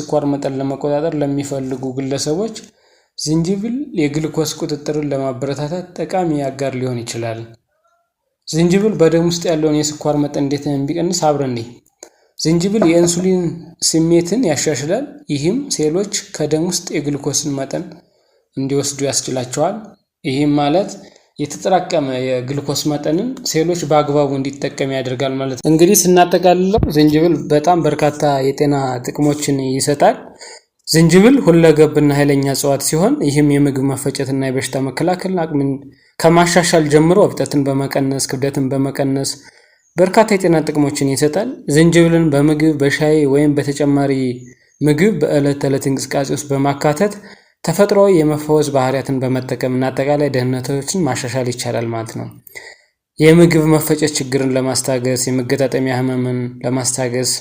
የስኳር መጠን ለመቆጣጠር ለሚፈልጉ ግለሰቦች ዝንጅብል የግልኮስ ቁጥጥርን ለማበረታታት ጠቃሚ አጋር ሊሆን ይችላል። ዝንጅብል በደም ውስጥ ያለውን የስኳር መጠን እንዴት የሚቀንስ አብረን ዝንጅብል የኢንሱሊን ስሜትን ያሻሽላል። ይህም ሴሎች ከደም ውስጥ የግልኮስን መጠን እንዲወስዱ ያስችላቸዋል። ይህም ማለት የተጠራቀመ የግልኮስ መጠንን ሴሎች በአግባቡ እንዲጠቀም ያደርጋል ማለት ነው። እንግዲህ ስናጠቃልለው ዝንጅብል በጣም በርካታ የጤና ጥቅሞችን ይሰጣል። ዝንጅብል ሁለገብና ኃይለኛ እጽዋት ሲሆን ይህም የምግብ መፈጨትና የበሽታ መከላከል አቅምን ከማሻሻል ጀምሮ እብጠትን በመቀነስ ክብደትን በመቀነስ በርካታ የጤና ጥቅሞችን ይሰጣል። ዝንጅብልን በምግብ በሻይ ወይም በተጨማሪ ምግብ በዕለት ተዕለት እንቅስቃሴ ውስጥ በማካተት ተፈጥሮ የመፈወስ ባህሪያትን በመጠቀም እና አጠቃላይ ደህንነቶችን ማሻሻል ይቻላል ማለት ነው። የምግብ መፈጨት ችግርን ለማስታገስ፣ የመገጣጠሚያ ህመምን ለማስታገስ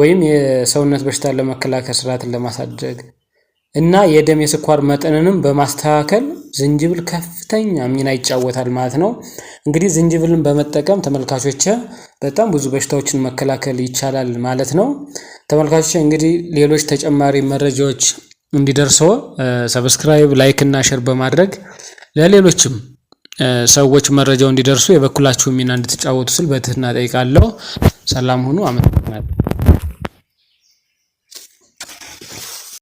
ወይም የሰውነት በሽታን ለመከላከል ስርዓትን ለማሳደግ እና የደም የስኳር መጠንንም በማስተካከል ዝንጅብል ከፍተኛ ሚና ይጫወታል ማለት ነው። እንግዲህ ዝንጅብልን በመጠቀም ተመልካቾች በጣም ብዙ በሽታዎችን መከላከል ይቻላል ማለት ነው። ተመልካቾች እንግዲህ ሌሎች ተጨማሪ መረጃዎች እንዲደርሶ ሰብስክራይብ፣ ላይክ እና ሼር በማድረግ ለሌሎችም ሰዎች መረጃው እንዲደርሱ የበኩላችሁ ሚና እንድትጫወቱ ስል በትህትና ጠይቃለሁ። ሰላም ሁኑ። አመሰግናለሁ።